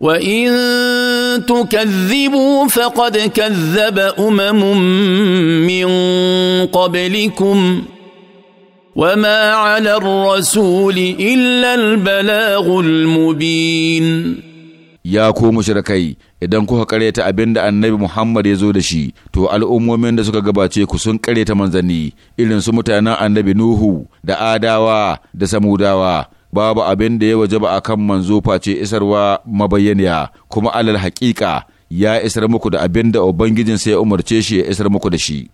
وان تكذبوا فقد كذب امم من قبلكم وما على الرسول الا البلاغ المبين ya ku mushrikai idan kuka karyata abin da annabi Muhammad ya zo da shi to al'ummomin da suka gabace ku sun karyata manzanni irin su mutanen annabi Nuhu da Adawa da Samudawa babu abin da ya waje ba a kan manzo face isarwa mabayyaniya kuma alal haƙiƙa ya isar muku da abin da ubangijinsa ya umarce shi ya isar muku da shi